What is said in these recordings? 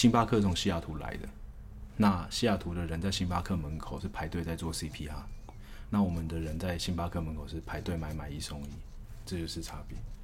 星巴克從西雅圖來的，那西雅圖的人在星巴克門口是排隊在做 CPR，那我們的人在星巴克門口是排隊買買一送一，這就是差別。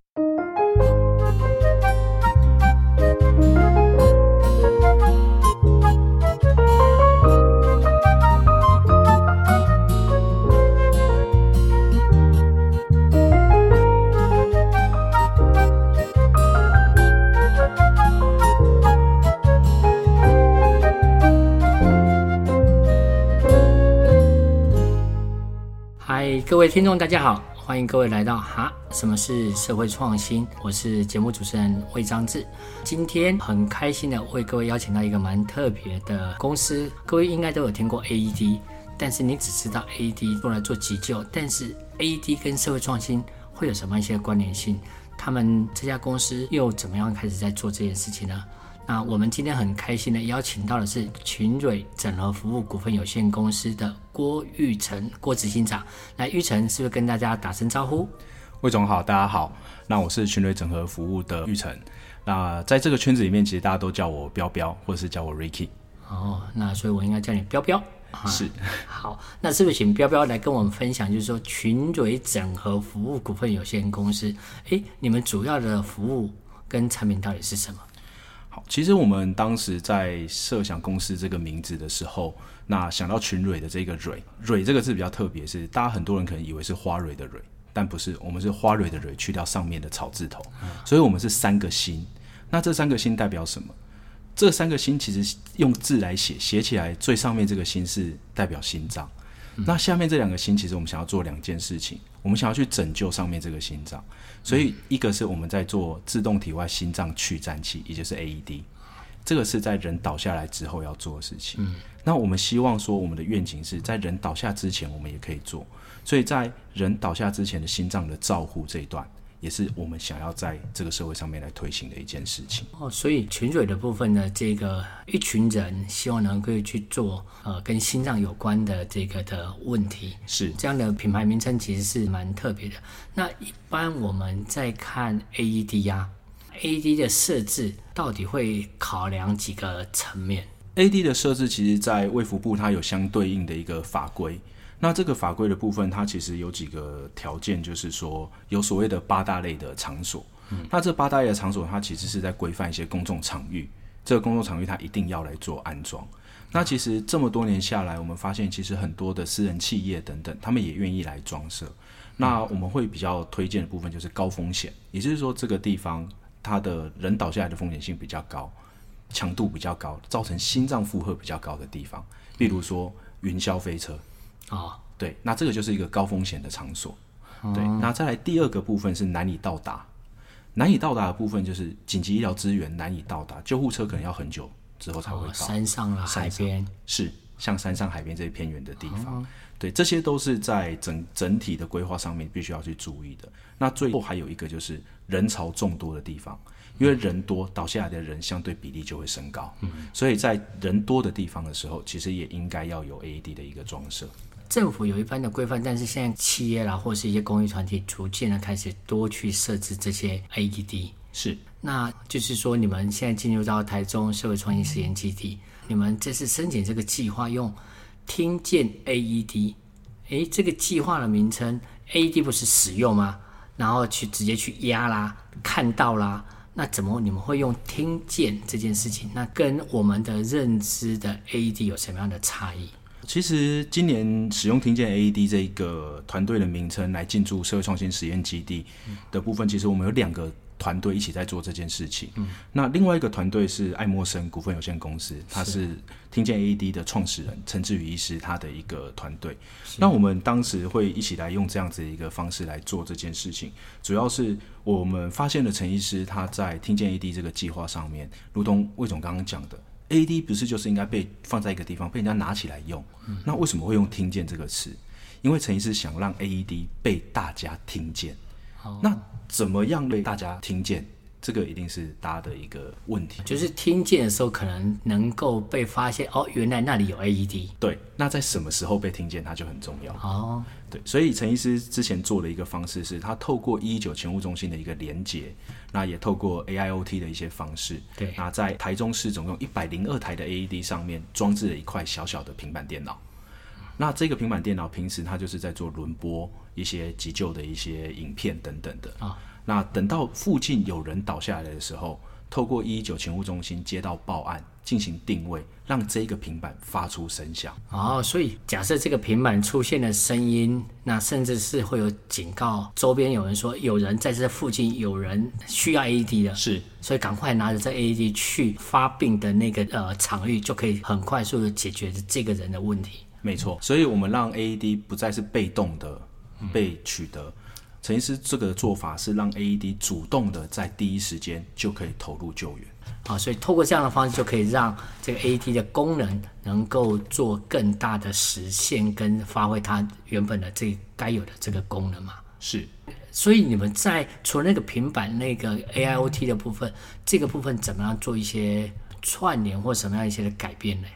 各位聽眾，大家好，歡迎各位來到哈。什麼是社會創新？我是節目主持人魏章志。今天很開心的為各位邀請到一個蠻特別的公司，各位應該都有聽過 AED，但是你只知道 AED 用來做急救，但是 AED 跟社會創新會有什麼一些關聯性？他們這家公司又怎麼樣開始在做這件事情呢？那我們今天很開心的邀請到的是群惢整合服務股份有限公司的郭彧辰郭執行長。那彧辰，是不是跟大家打聲招呼？魏總好，大家好。那我是群惢整合服務的彧辰。那在這個圈子裡面，其實大家都叫我彪彪，或者是叫我 Ricky。哦，那所以我應該叫你彪彪。是，啊。好，那是不是請彪彪來跟我們分享，就是說群惢整合服務股份有限公司，哎，你們主要的服務跟產品到底是什麼？其實我們當時在設想公司這個名字的時候，那想到群惢的這個惢，惢這個字比較特別是，是大家很多人可能以為是花蕊的蕊，但不是，我們是花蕊的蕊去掉上面的草字頭，所以我們是三個心。那這三個心代表什麼？這三個心其實用字來寫，寫起來最上面這個心是代表心臟，那下面這兩個心其實我們想要做兩件事情，我們想要去拯救上面這個心臟。所以，一個是我們在做自動體外心臟去顫器，也就是 AED，這個是在人倒下來之後要做的事情。那我們希望說，我們的願景是在人倒下之前，我們也可以做。所以在人倒下之前的心臟的照護這一段。也是我們想要在這個社會上面來推行的一件事情哦。所以群惢的部分呢，這個一群人希望能夠去做呃跟心臟有關的這個的問題。是。這樣的品牌名稱其實是蠻特別的。那一般我們在看 AED 啊，AED 的設置到底會考量幾個層面？AED 的設置其實，在衛福部它有相對應的一個法規。那這個法規的部分，它其實有幾個條件，就是說有所謂的八大類的場所。那這八大類的場所，它其實是在規範一些公眾場域。這個公眾場域，它一定要來做安裝。那其實這麼多年下來，我們發現，其實很多的私人企業等等，他們也願意來裝設。那我們會比較推薦的部分，就是高風險，也就是說，這個地方它的人倒下來的風險性比較高，強度比較高，造成心臟負荷比較高的地方，比如說雲霄飛車。啊，哦、對，那這個就是一個高風險的場所。哦、對，那再來第二個部分是難以到達，難以到達的部分就是緊急醫療資源難以到達，救護車可能要很久之後才會到、哦、山上啊海邊，邊是像山上海邊這些偏遠的地方，哦、對，這些都是在整整體的規劃上面必須要去注意的。那最後還有一個就是人潮眾多的地方，因為人多倒下來的人相對比例就會升高，嗯，所以在人多的地方的時候，其實也應該要有 AED 的一個裝設。政府有一般的規範，但是現在企業啦，或是一些公益團體，逐漸的開始多去設置這些 AED。是，那就是說，你們現在進入到台中社會創新實驗基地，你們這次申請這個計劃用聽見 AED，哎，這個計劃的名稱 AED 不是使用嗎？然後去直接去壓啦，看到啦，那怎麼你們會用聽見這件事情？那跟我們的認知的 AED 有什麼樣的差異？其實今年使用聽見 AED 這個團隊的名稱來進駐社會創新實驗基地的部分，嗯、其實我們有兩個團隊一起在做這件事情。嗯、那另外一個團隊是愛默生股份有限公司，是它是聽見 AED 的創始人陳、嗯、志宇醫師他的一個團隊。是那我們當時會一起來用這樣子一個方式來做這件事情，主要是我們發現了陳醫師他在聽見 AED 這個計劃上面，如同魏總剛剛講的。AED 不是就是應該被放在一個地方，被人家拿起來用？嗯。那為什麼會用“聽見”這個詞？因為陳醫師想讓 AED 被大家聽見。Oh. 那怎麼樣被大家聽見？這個一定是大家的一個問題。就是聽見的時候，可能能夠被發現，Oh. 哦，原來那裡有 AED。對，那在什麼時候被聽見，它就很重要。哦。Oh. 所以陳醫師之前做的一個方式是，他透過一一九勤務中心的一個連接，那也透過 AIoT 的一些方式，對，那在台中市總共一百零二台的 AED 上面裝置了一塊小小的平板電腦。那這個平板電腦平時它就是在做輪播一些急救的一些影片等等的啊。那等到附近有人倒下來的時候，透過一一九勤務中心接到報案。進行定位，讓這個平板發出聲響。哦，所以假設這個平板出現的聲音，那甚至是會有警告，周邊有人說有人在這附近，有人需要 AED 的，是，所以趕快拿着這 AED 去發病的那個呃場域，就可以很快速的解決這個人的問題。沒錯、嗯，所以我們讓 AED 不再是被動的被取得，陳、嗯、醫師這個做法是讓 AED 主動的在第一時間就可以投入救援。好，所以透過這樣的方式，就可以讓這個 AED 的功能能夠做更大的實現跟發揮，它原本的這該有的這個功能嘛。是。所以你們在除了那個平板那個 A I O T 的部分，這個部分怎麼樣做一些串聯或什麼樣一些的改變呢？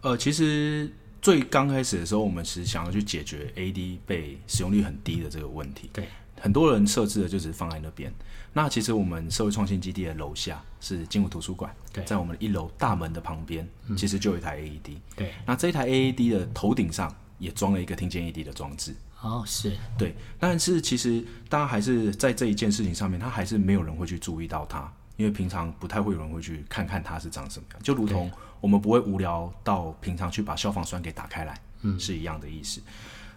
呃，其實最剛開始的時候，我們其實想要去解決 AED 被使用率很低的這個問題。對。很多人設置的就只是放在那邊。那其實我們社會創新基地的樓下是金湖圖書館，對在我們一樓大門的旁邊，其實就有一台 AED。嗯。對。那這一台 AED 的頭頂上也裝了一個聽見 AED 的裝置。哦，是。對。但是其實大家還是在這一件事情上面，他還是沒有人會去注意到它，因為平常不太會有人會去看看它是長什麼樣。就如同我們不會無聊到平常去把消防栓給打開來，嗯，是一樣的意思。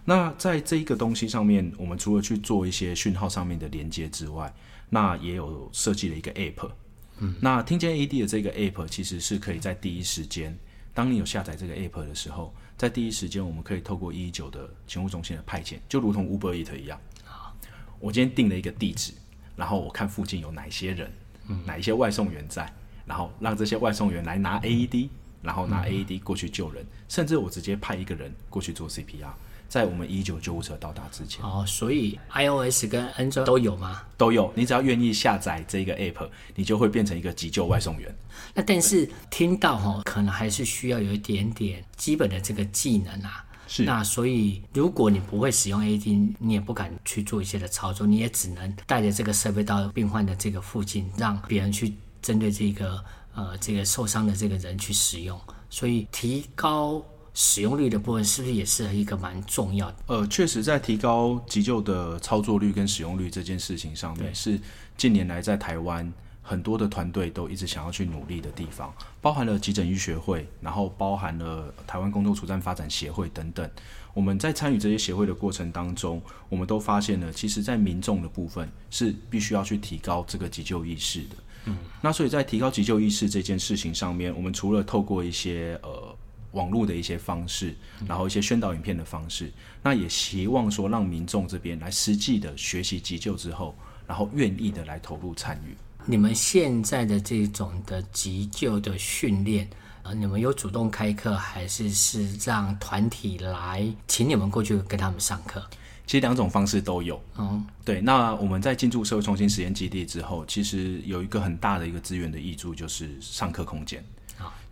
那在這一個東西上面，我們除了去做一些訊號上面的連接之外，那也有設計了一個 app。嗯，那聽見 AED 的這個 app 其實是可以在第一時間，當你有下載這個 app 的時候，在第一時間，我們可以透過一一九的勤務中心的派遣，就如同 Uber Eats 一樣。好我今天定了一個地址，然後我看附近有哪些人，嗯、哪一些外送員在，然後讓這些外送員來拿 AED，、嗯、然後拿 AED 過去救人，嗯、甚至我直接派一個人過去做 CPR，在我們一九救護車到達之前哦。所以 iOS 跟安卓都有嗎？都有，你只要願意下載這個 app，你就會變成一個急救外送員。嗯、對那但是聽到齁可能還是需要有一點點基本的這個技能啊。是。那所以如果你不會使用 AED，你也不敢去做一些的操作，你也只能帶着這個設備到病患的這個附近，讓別人去針對這個呃這個受傷的這個人去使用。所以提高。使用率的部分是不是也是一個蠻重要的？呃，確實，在提高急救的操作率跟使用率這件事情上面，對是近年來在台灣很多的團隊都一直想要去努力的地方，包含了急診醫學會，然後包含了台灣工作處戰發展協會等等。我們在參與這些協會的過程當中，我們都發現了，其實在民眾的部分是必須要去提高這個急救意識的。嗯，那所以在提高急救意識這件事情上面，我們除了透過一些呃。網絡的一些方式，然後一些宣導影片的方式，嗯、那也希望說，讓民眾這邊來實際的學習急救之後，然後願意的來投入參與。你們現在的這種的急救的訓練啊，你們有主動開課，還是是讓團體來請你們過去跟他們上課？其實兩種方式都有。嗯，對。那我們在進駐社會創新實驗基地之後，其實有一個很大的一個資源的挹注，就是上課空間。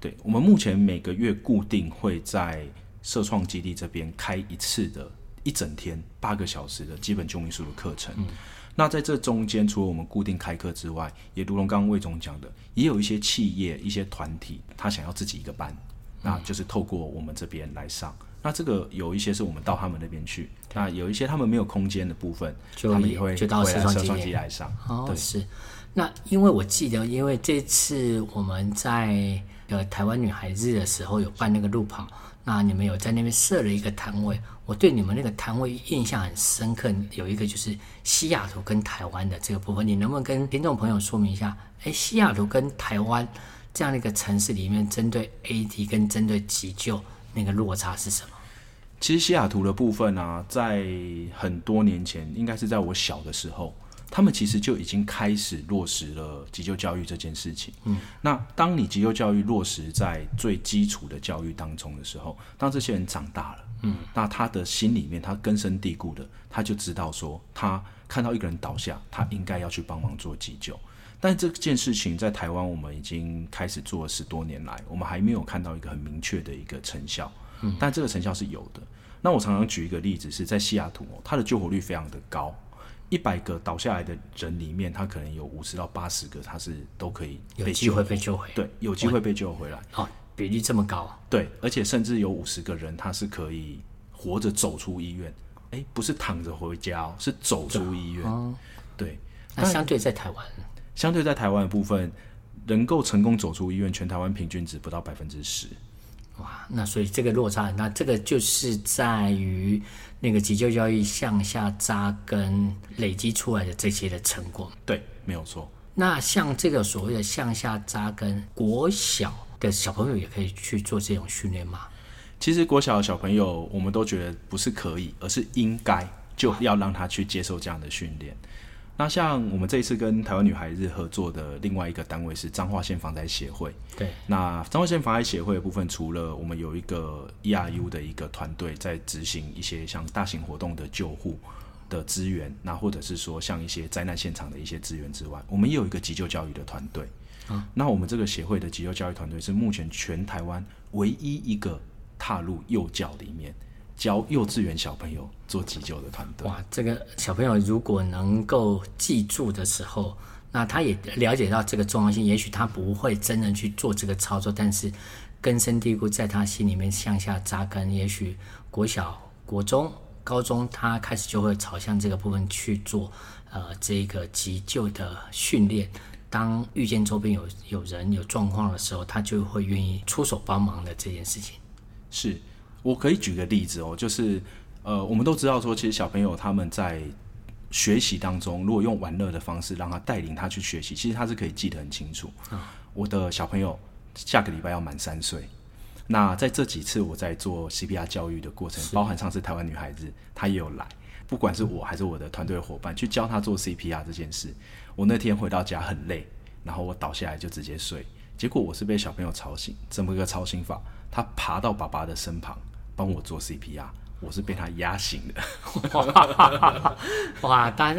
對，我們目前每個月固定會在社創基地這邊開一次的，一整天八個小時的基本救命術的課程。嗯、那在這中間，除了我們固定開課之外，也如同剛剛魏總講的，也有一些企業、一些團體，他想要自己一個班，嗯、那就是透過我們這邊來上。嗯、那這個有一些是我們到他們那邊去，對那有一些他們沒有空間的部分，他們也會到社創基地來上。哦對，是對。那因為我記得，因為這次我們在。呃，台灣女孩子的時候有辦那個路跑，那你們有在那邊設了一個攤位。我對你們那個攤位印象很深刻，有一個就是西雅圖跟台灣的這個部分，你能不能跟聽眾朋友說明一下？哎、欸，西雅圖跟台灣這樣的一個城市裡面，針對 AED 跟針對急救那個落差是什麼？其實西雅圖的部分呢、啊，在很多年前，應該是在我小的時候。他們其實就已經開始落實了急救教育這件事情。嗯，那當你急救教育落實在最基礎的教育當中的時候，當這些人長大了，嗯，那他的心裡面他根深蒂固的，他就知道說，他看到一個人倒下，他應該要去幫忙做急救。但這件事情在台灣，我們已經開始做了十多年來，我們還沒有看到一個很明確的一個成效。嗯，但這個成效是有的。那我常常舉一個例子是，是在西雅圖哦，它的救活率非常的高。一百個倒下來的人裡面，他可能有五十到八十個，他是都可以有機會被救回。對，有機會被救回來。好，哦，比例這麼高啊？對，而且甚至有五十個人，他是可以活着走出醫院。哎，不是躺着回家哦，是走出醫院。對，那相對在台灣，相對在台灣的部分，能夠成功走出醫院，全台灣平均值不到百分之十。哇，那所以這個落差，那這個就是在於。那個急救教育向下扎根累積出來的這些的成果，對，沒有錯。那像這個所謂的向下扎根，國小的小朋友也可以去做這種訓練嗎？其實國小的小朋友，我們都覺得不是可以，而是應該就要讓他去接受這樣的訓練。那像我們這一次跟台灣女孩日合作的另外一個單位是彰化縣防災協會。對。那彰化縣防災協會的部分，除了我們有一個 ERU 的一個團隊在執行一些像大型活動的救護的資源，嗯、那或者是說像一些災難現場的一些資源之外，我們也有一個急救教育的團隊。啊、嗯。那我們這個協會的急救教育團隊是目前全台灣唯一一個踏入幼教裡面教幼稚園小朋友做急救的團隊，哇，這個小朋友如果能夠記住的時候，那他也了解到這個重要性，也許他不會真的去做這個操作，但是根深蒂固在他心裡面向下扎根，也許國小、國中、高中他開始就會朝向這個部分去做，呃，這個急救的訓練。當遇見周邊有有人有狀況的時候，他就會願意出手幫忙的這件事情，是。我可以舉個例子哦，就是，呃，我們都知道說，其實小朋友他們在學習當中，如果用玩樂的方式讓他帶領他去學習，其實他是可以記得很清楚。嗯、我的小朋友下個禮拜要滿三歲，那在這幾次我在做 CPR 教育的過程，是包含上次台灣女孩子她也有來，不管是我還是我的團隊的夥伴去教他做 CPR 這件事，我那天回到家很累，然後我倒下來就直接睡，結果我是被小朋友吵醒，這麼一個吵醒法，他爬到爸爸的身旁。幫我做 CPR，我是被他壓醒的哇。哇，他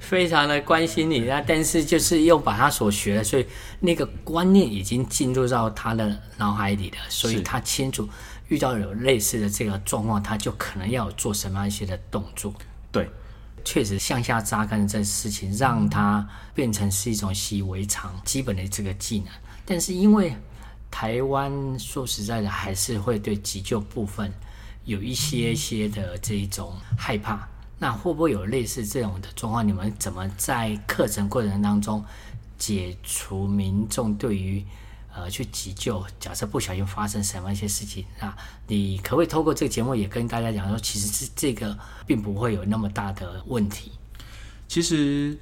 非常的關心你，那但是就是又把他所學的，所以那個觀念已經進入到他的腦海裡了，所以他清楚遇到有類似的這個狀況，他就可能要做什麼樣一些的動作。對，確實向下扎根這事情，讓他變成是一種習以為常基本的這個技能。但是因為。台灣說實在的，還是會對急救部分有一些些的這種害怕。那會不會有類似這種的狀況？你們怎麼在課程過程當中解除民眾對於呃去急救？假設不小心發生什麼一些事情，那你可不可以透過這個節目也跟大家講說，其實是這個，並不會有那麼大的問題。其實。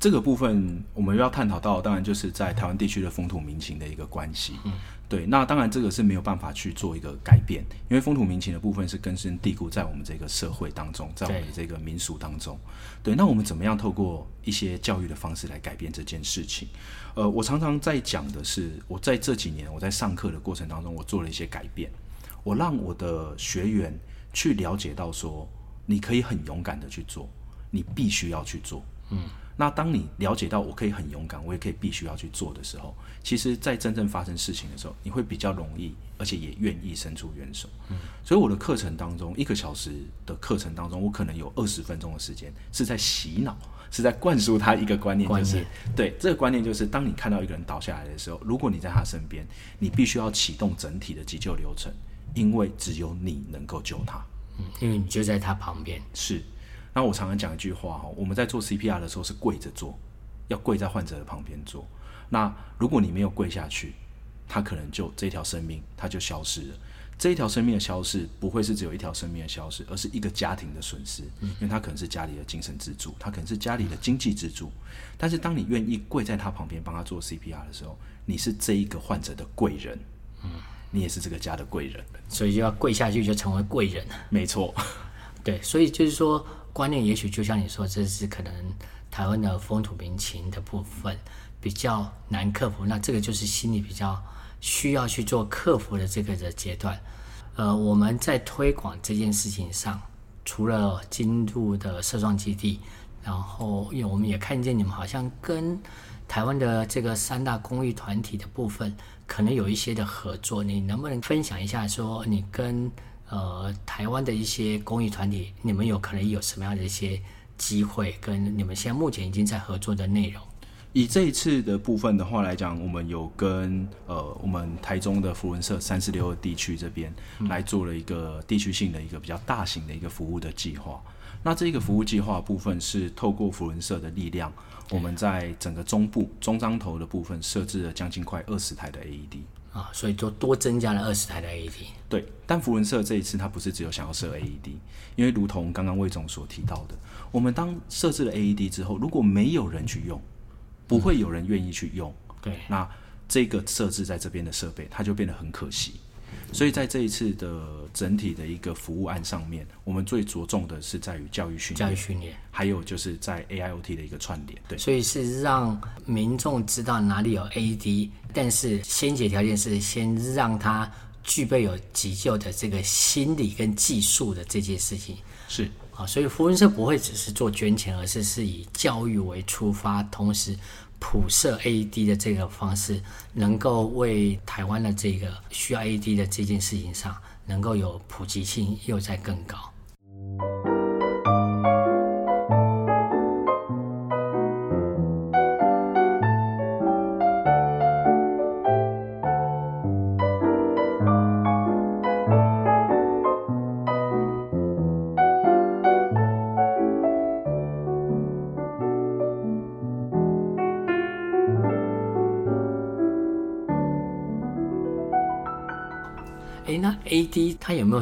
這個部分我們要探討到，當然就是在台灣地區的風土民情的一個關係。嗯，對，那當然這個是沒有辦法去做一個改變，因為風土民情的部分是根深蒂固在我們這個社會當中，在我們這個民俗當中。對，對，那我們怎麼樣透過一些教育的方式來改變這件事情？呃，我常常在講的是，我在這幾年我在上課的過程當中，我做了一些改變，我讓我的學員去了解到說，你可以很勇敢的去做，你必須要去做。嗯。那當你了解到我可以很勇敢，我也可以必須要去做的時候，其實，在真正發生事情的時候，你會比較容易，而且也願意伸出援手。嗯，所以我的課程當中，一個小時的課程當中，我可能有二十分鐘的時間是在洗腦，是在灌輸他一個觀念，就是觀念。對，這個觀念就是，當你看到一個人倒下來的時候，如果你在他身邊，你必須要啟動整體的急救流程，因為只有你能夠救他，嗯，因為你就在他旁邊，是。那我常常講一句話哈，我們在做 CPR 的時候是跪着做，要跪在患者的旁邊做。那如果你沒有跪下去，他可能就這條生命，他就消失了。這一條生命的消失，不會是只有一條生命的消失，而是一個家庭的損失。因為他可能是家裡的精神支柱，他可能是家裡的經濟支柱。但是當你願意跪在他旁邊幫他做 CPR 的時候，你是這一個患者的貴人，嗯，你也是這個家的貴人。所以就要跪下去，就成為貴人。沒錯，對，所以就是說。觀念也許就像你說，這是可能台灣的風土民情的部分比較難克服。那這個就是心理比較需要去做克服的這個的階段。呃，我們在推廣這件事情上，除了進入的社創基地，然後因為我們也看見你們好像跟台灣的這個三大公益團體的部分可能有一些的合作，你能不能分享一下說你跟？呃，台灣的一些公益團體，你們有可能有什麼樣的一些機會？跟你們現在目前已經在合作的內容？以這一次的部分的話來講，我們有跟呃我們台中的扶輪社三十六個地區這邊、嗯、來做了一個地區性的一個比較大型的一個服務的計劃。那這個服務計劃部分是透過扶輪社的力量，我們在整個中部中彰投的部分設置了將近快二十台的 AED。啊，所以就多增加了二十台的 AED。對，但福仁社這一次它不是只有想要設 AED，因為如同剛剛魏總所提到的，我們當設置了 AED 之後，如果沒有人去用，不會有人願意去用，嗯、對，那這個設置在這邊的設備，它就變得很可惜。所以在這一次的整體的一個服務案上面，我們最着重的是在於教育訓練，教育訓練，還有就是在 AIOT 的一個串聯。對，所以是讓民眾知道哪裡有 AD，但是先決條件是先讓他具備有急救的這個心理跟技術的這件事情。是啊，所以福音社不會只是做捐錢，而是是以教育為出發，同時，普設 AED 的這個方式，能夠為台灣的這個需要 AED 的這件事情上，能夠有普及性又再更高。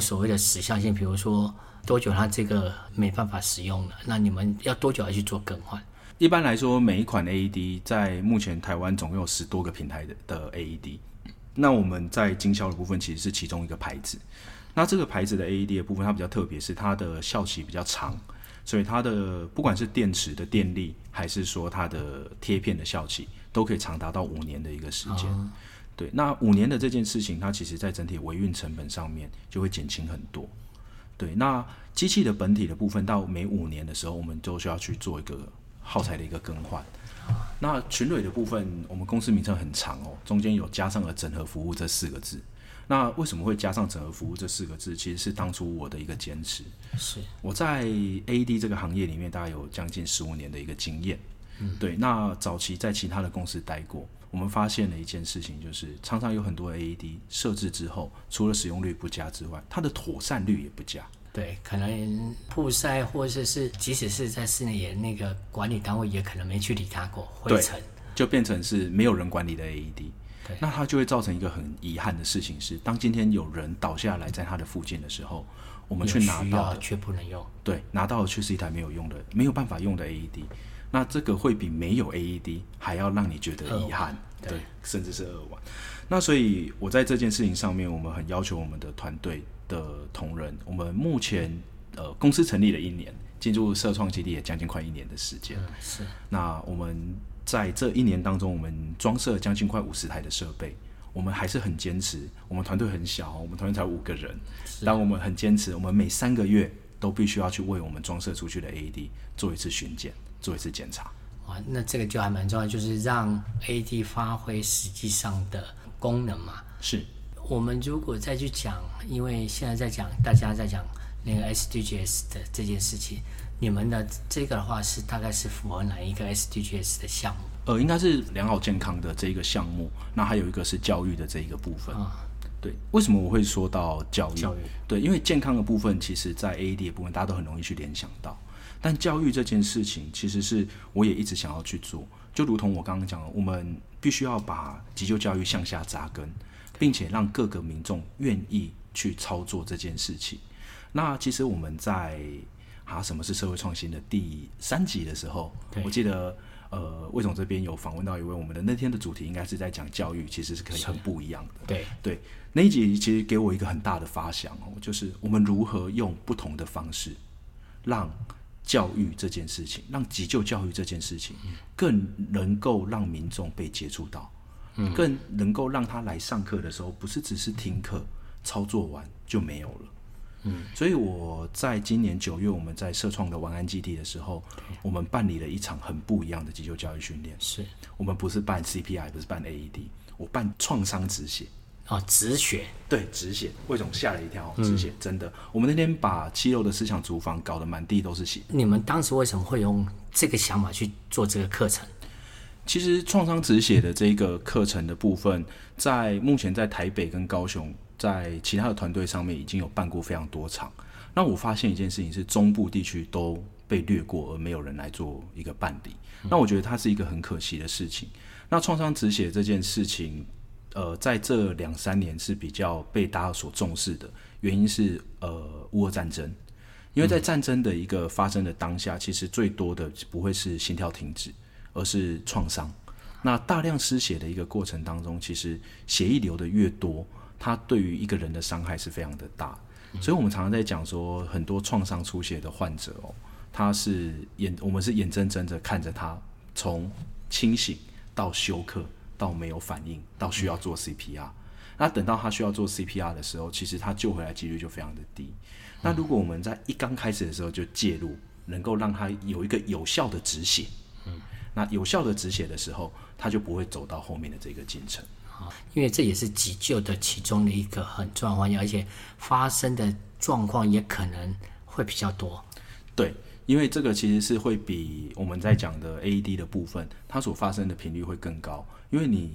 所謂的時效性，比如說多久它這個沒辦法使用了，那你們要多久要去做更換？一般來說，每一款 AED 在目前台灣總共有十多個平台的的 AED，那我們在經銷的部分其實是其中一個牌子。那這個牌子的 AED 的部分，它比較特別，是它的效期比較長，所以它的不管是電池的電力，還是說它的貼片的效期，都可以長達到五年的一個時間。嗯對，那五年的這件事情，它其實在整體維運成本上面就會減輕很多。對，那機器的本體的部分，到每五年的時候，我們都需要去做一個耗材的一個更換。那群惢的部分，我們公司名稱很長哦，中間有加上了“整合服務”這四個字。那為什麼會加上“整合服務”這四個字？其實是當初我的一個堅持。是，我在 AED 這個行業裡面，大概有將近十五年的一個經驗。嗯、對，那早期在其他的公司待過。我們發現了一件事情，就是常常有很多 AED 設置之後，除了使用率不佳之外，它的妥善率也不佳。對，可能曝曬，或者是即使是在室內，也那個管理單位也可能沒去理它過，灰塵就變成是沒有人管理的 AED。對那它就會造成一個很遺憾的事情是，當今天有人倒下來在它的附近的時候，我們去拿到卻不能用，對，拿到的卻是一台沒有用的、沒有辦法用的 AED，那這個會比沒有 AED 還要讓你覺得遺憾，對，對，甚至是扼腕。那所以我在這件事情上面，我們很要求我們的團隊的同仁。我們目前呃公司成立了一年，進入社創基地也將近快一年的時間，嗯。是。那我們在這一年當中，我們裝設將近快五十台的設備。我們還是很堅持，我們團隊很小，我們團隊才五個人。但是我們很堅持，我們每三個月都必須要去為我們裝設出去的 AED 做一次巡檢。做一次檢查啊，那這個就還蠻重要，就是讓 AED 發揮實際上的功能嘛。是，我們如果再去講，因為現在在講，大家在講那個 SDGs 的這件事情，嗯，你們的這個的話是大概是符合哪一個 SDGs 的項目？呃，應該是良好健康的這一個項目，那還有一個是教育的這一個部分。啊，對，為什麼我會說到教育？教育，對，因為健康的部分其實在 AED 的部分，大家都很容易去聯想到。但教育這件事情，其實是我也一直想要去做。就如同我剛剛講的，我們必須要把急救教育向下扎根，並且讓各個民眾願意去操作這件事情。那其實我們在啊，什麼是社會創新的第三集的時候，我記得呃，魏總這邊有訪問到一位我們的那天的主題應該是在講教育，其實是可以很不一樣的。對對，那一集其實給我一個很大的發想哦，就是我們如何用不同的方式讓。教育這件事情，讓急救教育這件事情，更能夠讓民眾被接觸到，嗯、更能夠讓他來上課的時候，不是只是聽課，操作完就沒有了。嗯、所以我在今年九月，我們在社創的晚安基地的時候，對我們辦理了一場很不一樣的急救教育訓練。是，我們不是辦 CPI，不是辦 AED，我辦創傷止血。啊！止、哦、血，對，止血，為什麼嚇了一跳，止、嗯、血，真的。我們那天把七樓的思想廚房搞得滿地都是血。你們當時為什麼會用這個想法去做這個課程？其實創傷止血的這個課程的部分，在目前在台北跟高雄，在其他的團隊上面已經有辦過非常多場。那我發現一件事情是，中部地區都被掠過，而沒有人來做一個辦理。嗯、那我覺得它是一個很可惜的事情。那創傷止血這件事情。呃，在這兩三年是比較被大家所重視的，原因是呃，烏俄戰爭，因為在戰爭的一個發生的當下，嗯、其實最多的不會是心跳停止，而是創傷。嗯、那大量失血的一個過程當中，其實血液流的越多，它對於一個人的傷害是非常的大。所以我們常常在講說，很多創傷出血的患者哦，他是眼我們是眼睜睜的看着他從清醒到休克。到沒有反應，到需要做 CPR。嗯，那等到他需要做 CPR 的時候，其實他救回來幾率就非常的低。那如果我們在一剛開始的時候就介入，嗯，能夠讓他有一個有效的止血，嗯，那有效的止血的時候，他就不會走到後面的這個進程。好，因為這也是急救的其中的一個很重要環節，而且發生的狀況也可能會比較多。對，因為這個其實是會比我們在講的 AED 的部分，它所發生的頻率會更高。因為你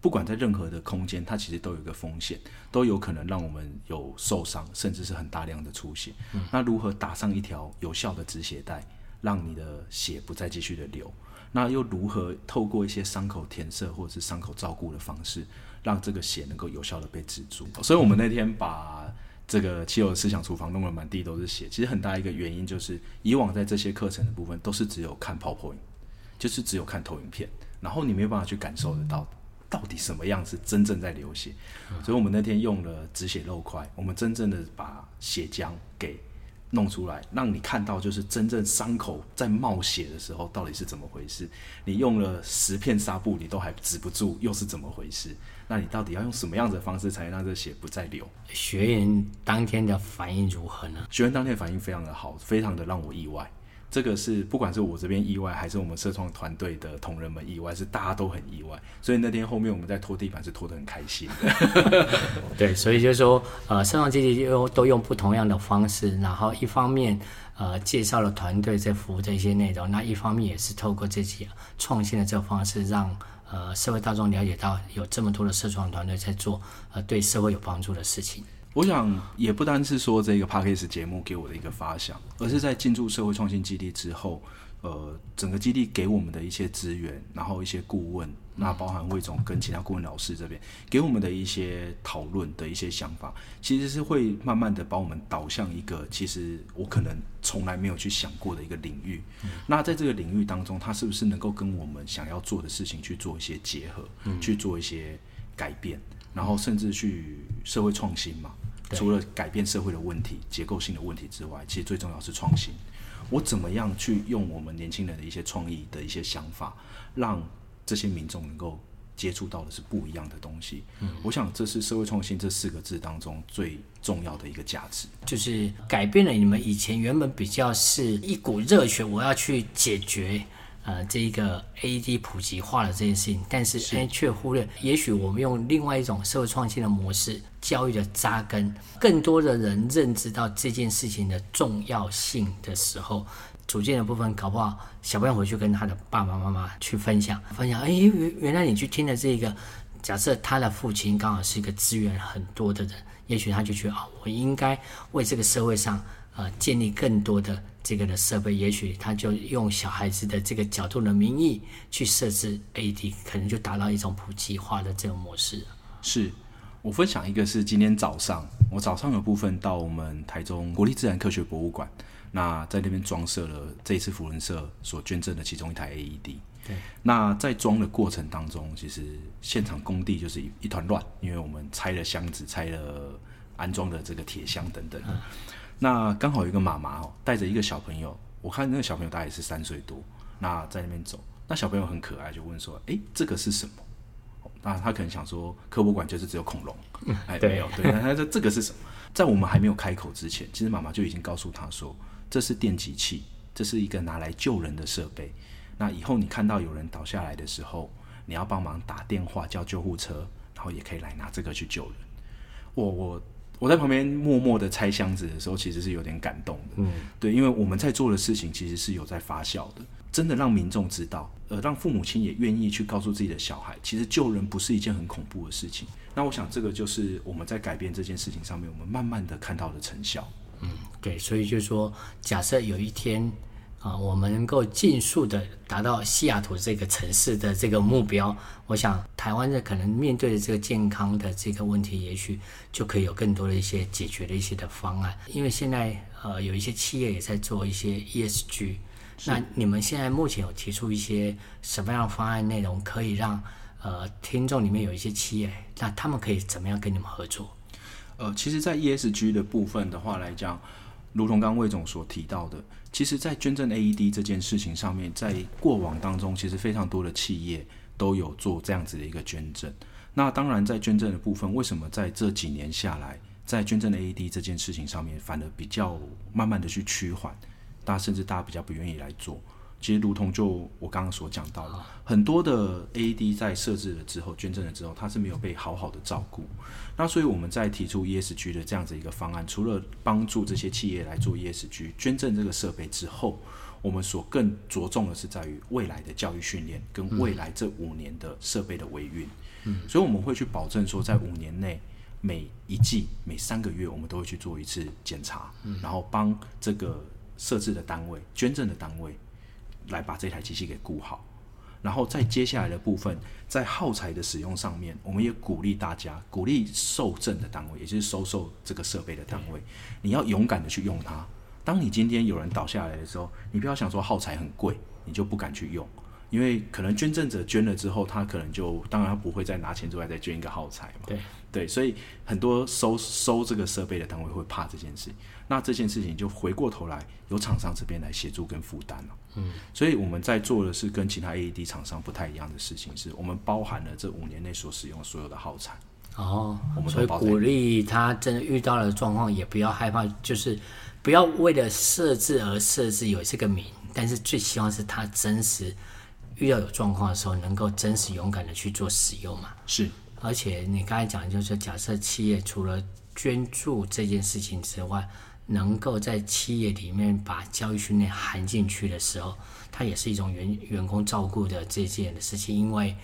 不管在任何的空間，它其實都有一個風險，都有可能讓我們有受傷，甚至是很大量的出血。嗯、那如何打上一條有效的止血帶，讓你的血不再繼續的流？那又如何透過一些傷口填塞或者是傷口照顧的方式，讓這個血能夠有效的被止住？嗯、所以我們那天把這個其有的思想廚房弄得滿地都是血，其實很大一個原因就是以往在這些課程的部分，都是只有看 PowerPoint 就是只有看投影片，然後你沒有辦法去感受得到，嗯、到底什麼樣是真正在流血。嗯、所以我們那天用了止血肉塊，我們真正的把血漿給弄出來，讓你看到就是真正傷口在冒血的時候到底是怎麼回事。你用了十片紗布，你都還止不住，又是怎麼回事？那你到底要用什麼樣子的方式才能讓這血不再流？學員當天的反應如何呢？學員當天的反應非常的好，非常的讓我意外。這個是不管是我這邊意外，還是我們社創團隊的同仁們意外，是大家都很意外。所以那天後面我們在拖地板是拖得很開心的。 對，所以就是說呃，社創基地又都，都用不同樣的方式，然後一方面呃介紹了團隊在服務這些內容，那一方面也是透過自己、啊、創新的這個方式讓，讓呃社會大眾了解到有這麼多的社創團隊在做呃對社會有幫助的事情。我想也不單是說這個 Podcast 節目給我的一個發想，而是在進駐社會創新基地之後，呃，整個基地給我們的一些資源，然後一些顧問，嗯、那包含魏總跟其他顧問老師這邊給我們的一些討論的一些想法，其實是會慢慢的把我們導向一個其實我可能從來沒有去想過的一個領域。嗯、那在這個領域當中，他是不是能夠跟我們想要做的事情去做一些結合，嗯、去做一些改變，然後甚至去社會創新嘛？對除了改變社會的問題、結構性的問題之外，其實最重要是創新。我怎麼樣去用我們年輕人的一些創意的一些想法，讓這些民眾能夠接觸到的是不一樣的東西？嗯、我想這是社會創新這四個字當中最重要的一個價值，就是改變了你們以前原本比較是一股熱血，我要去解決。呃，這個 AED 普及化了這件事情，但是，是、哎、卻忽略，也許我們用另外一種社會創新的模式，教育的扎根，更多的人認知到這件事情的重要性的時候，組建的部分搞不好小朋友回去跟他的爸爸媽，媽媽去分享，分享，哎，原原來你去聽的這個，假設他的父親剛好是一個資源很多的人，也許他就覺得啊、哦，我應該為這個社會上啊、呃、建立更多的。這個的設備，也許他就用小孩子的這個角度的名義去設置 AED，可能就達到一種普及化的這種模式。是，我分享一個是今天早上，我早上有部分到我們台中國立自然科學博物館，那在那邊裝設了這一次福文社所捐贈的其中一台 AED。對，那在裝的過程當中，其實現場工地就是一一團亂，因為我們拆了箱子，拆了安裝的這個鐵箱等等。啊那剛好有一個媽媽哦，帶着一個小朋友，我看那個小朋友大概是三歲多，那在那邊走，那小朋友很可愛，就問說：“哎，這個是什麼？”那他可能想說，科博館就是只有恐龍，嗯、哎，沒有、哦、對。那他說：“這個是什麼？”在我們還沒有開口之前，其實媽媽就已經告訴他說：“這是電擊器，這是一個拿來救人的設備。那以後你看到有人倒下來的時候，你要幫忙打電話叫救護車，然後也可以來拿這個去救人。我”我我。我在旁邊默默的拆箱子的時候，其實是有點感動的。嗯，對，因為我們在做的事情其實是有在發酵的，真的讓民眾知道，呃，讓父母親也願意去告訴自己的小孩，其實救人不是一件很恐怖的事情。那我想，這個就是我們在改變這件事情上面，我們慢慢的看到的成效。嗯，對，所以就是說，假設有一天。啊、呃，我們能夠盡速的達到西雅圖這個城市的這個目標，我想台灣的可能面對的這個健康的這個問題，也許就可以有更多的一些解決的一些的方案。因為現在呃有一些企業也在做一些 ESG，是那你們現在目前有提出一些什麼樣的方案內容，可以讓呃聽眾裡面有一些企業，那他們可以怎麼樣跟你們合作？呃，其實，在 ESG 的部分的話來講。如同剛魏總所提到的，其實，在捐贈 AED 這件事情上面，在過往當中，其實非常多的企業都有做這樣子的一個捐贈。那當然，在捐贈的部分，為什麼在這幾年下來，在捐贈的 AED 這件事情上面，反而比較慢慢的去趨緩，大家甚至大家比較不願意來做。其實，如同就我剛剛所講到了很多的 A D 在設置了之後、捐贈了之後，它是沒有被好好的照顧。那所以，我們在提出 E S G 的這樣子一個方案，除了幫助這些企業來做 E S G 捐贈這個設備之後，我們所更着重的是在於未來的教育訓練跟未來這五年的設備的維運。嗯，所以我們會去保證說，在五年內每一季每三個月，我們都會去做一次檢查，嗯、然後幫這個設置的單位、捐贈的單位。來把這台機器給顧好，然後在接下來的部分，在耗材的使用上面，我們也鼓勵大家，鼓勵受贈的單位，也就是收受這個設備的單位，你要勇敢的去用它。當你今天有人倒下來的時候，你不要想說耗材很貴，你就不敢去用。因為可能捐贈者捐了之後，他可能就當然他不會再拿錢之外再捐一個耗材嘛對。對對，所以很多收收這個設備的單位會怕這件事。那這件事情就回過頭來，由廠商這邊來協助跟負擔了。嗯，所以我們在做的是跟其他 AED 廠商不太一樣的事情，是我們包含了這五年內所使用所有的耗材。哦，我們會鼓勵他真的遇到了狀況也不要害怕，就是不要為了設置而設置有這個名，但是最希望是他真實。遇到有狀況的時候，能夠真實勇敢的去做使用嘛？是。而且你剛才講，就是假設企業除了捐助這件事情之外，能夠在企業裡面把教育訓練含進去的時候，它也是一種員員工照顧的這件事情。因為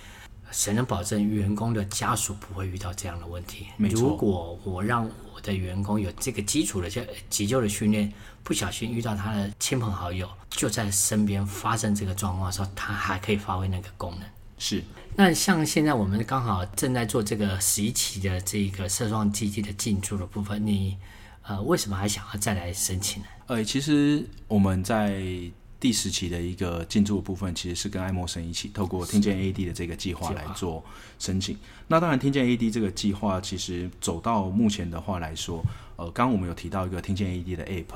誰能保證員工的家屬不會遇到這樣的問題？沒錯。如果我讓的員工有這個基礎的就急救的訓練，不小心遇到他的親朋好友就在身邊發生這個狀況的時候，他還可以發揮那個功能。是，那像現在我們剛好正在做這個十一期的這個社創基地的進駐的部分，你呃為什麼還想要再來申請呢？呃，其實我們在。第十期的一個進駐部分，其實是跟艾默生一起透過聽見 AED 的這個計劃來做申請。那當然，聽見 AED 這個計劃其實走到目前的話來說，呃，剛剛我們有提到一個聽見 AED 的 App，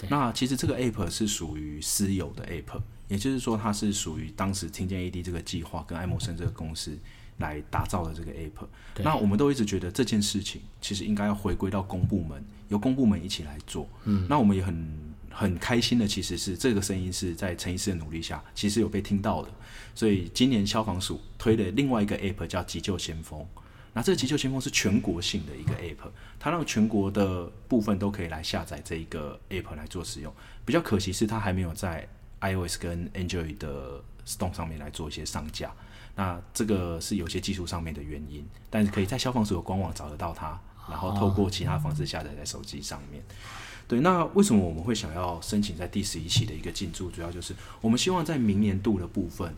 對那其實這個 App 是屬於私有的 App，也就是說它是屬於當時聽見 AED 這個計劃跟艾默生這個公司來打造的這個 App。對那我們都一直覺得這件事情其實應該要回歸到公部門，由公部門一起來做。嗯，那我們也很。很開心的其實是這個聲音是在陳醫師的努力下，其實有被聽到的。所以今年消防署推了另外一個 app 叫急救先鋒，那這個急救先鋒是全國性的一個 app，它讓全國的部分都可以來下載這一個 app 來做使用。比較可惜是它還沒有在 iOS 跟 Android 的 Stone 上面來做一些上架，那這個是有些技術上面的原因，但是可以在消防署的官網找得到它，然後透過其他方式下載在手機上面。對，那為什麼我們會想要申請在第十一期的一個進駐？主要就是我們希望在明年度的部分，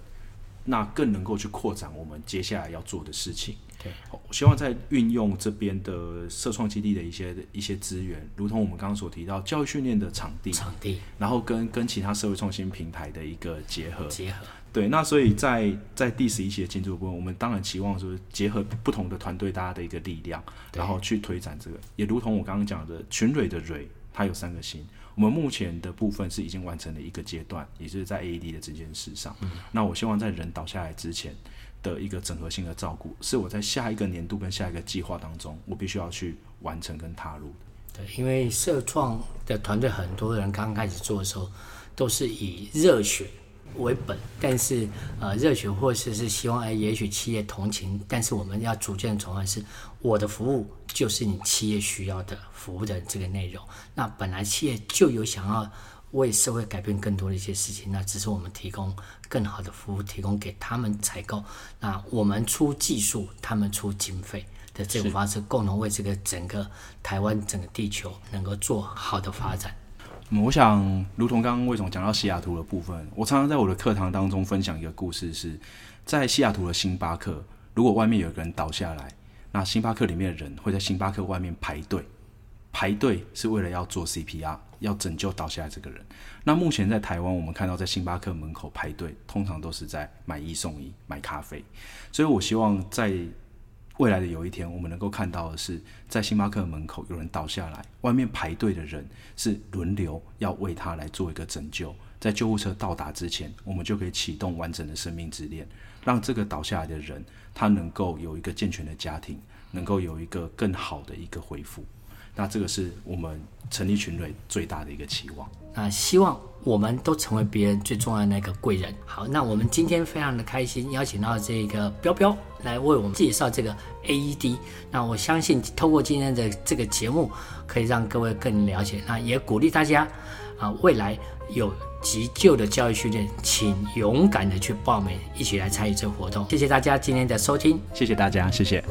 那更能夠去擴展我們接下來要做的事情。對，我希望在運用這邊的社創基地的一些一些資源，如同我們剛剛所提到教育訓練的場地，場地，然後跟跟其他社會創新平台的一個結合，結合。對，那所以在在第十一期的進駐的部分，我們當然期望說結合不同的團隊大家的一個力量，然後去推展這個，對也如同我剛剛講的群惢的惢。它有三個新，我們目前的部分是已經完成了一個階段，也就是在 AED 的這件事上。嗯。那我希望在人倒下來之前的一個整合性的照顧，是我在下一個年度跟下一個計劃當中，我必須要去完成跟踏入的。對，因為社創的團隊很多人剛剛開始做的時候，都是以熱血。為本，但是呃，熱血或者是，是希望，也許企業同情，但是我們要逐漸轉換是，我的服務就是你企業需要的服務的這個內容。那本來企業就有想要為社會改變更多的一些事情，那只是我們提供更好的服務，提供給他們採購。那我們出技術，他們出經費的這種方式，是共同為這個整個台灣、整個地球能夠做好的發展。嗯嗯，我想，如同剛剛魏總講到西雅圖的部分，我常常在我的課堂當中分享一個故事是，是在西雅圖的星巴克，如果外面有個人倒下來，那星巴克裡面的人會在星巴克外面排隊，排隊是為了要做 CPR，要拯救倒下來這個人。那目前在台灣，我們看到在星巴克門口排隊，通常都是在買一送一買咖啡，所以我希望在。未來的有一天，我們能夠看到的是，在星巴克門口有人倒下來，外面排隊的人是輪流要為他來做一個拯救，在救護車到達之前，我們就可以啟動完整的生命之鏈，讓這個倒下來的人他能夠有一個健全的家庭，能夠有一個更好的一個恢復。那這個是我們成立群惢最大的一個期望。啊，希望。我們都成為別人最重要的那個貴人。好，那我們今天非常的開心，邀請到這個彪彪來為我們介紹這個 AED。那我相信透過今天的這個節目，可以讓各位更了解。那也鼓勵大家啊，未來有急救的教育訓練，請勇敢的去報名，一起來參與這個活動。謝謝大家今天的收聽，謝謝大家，謝謝。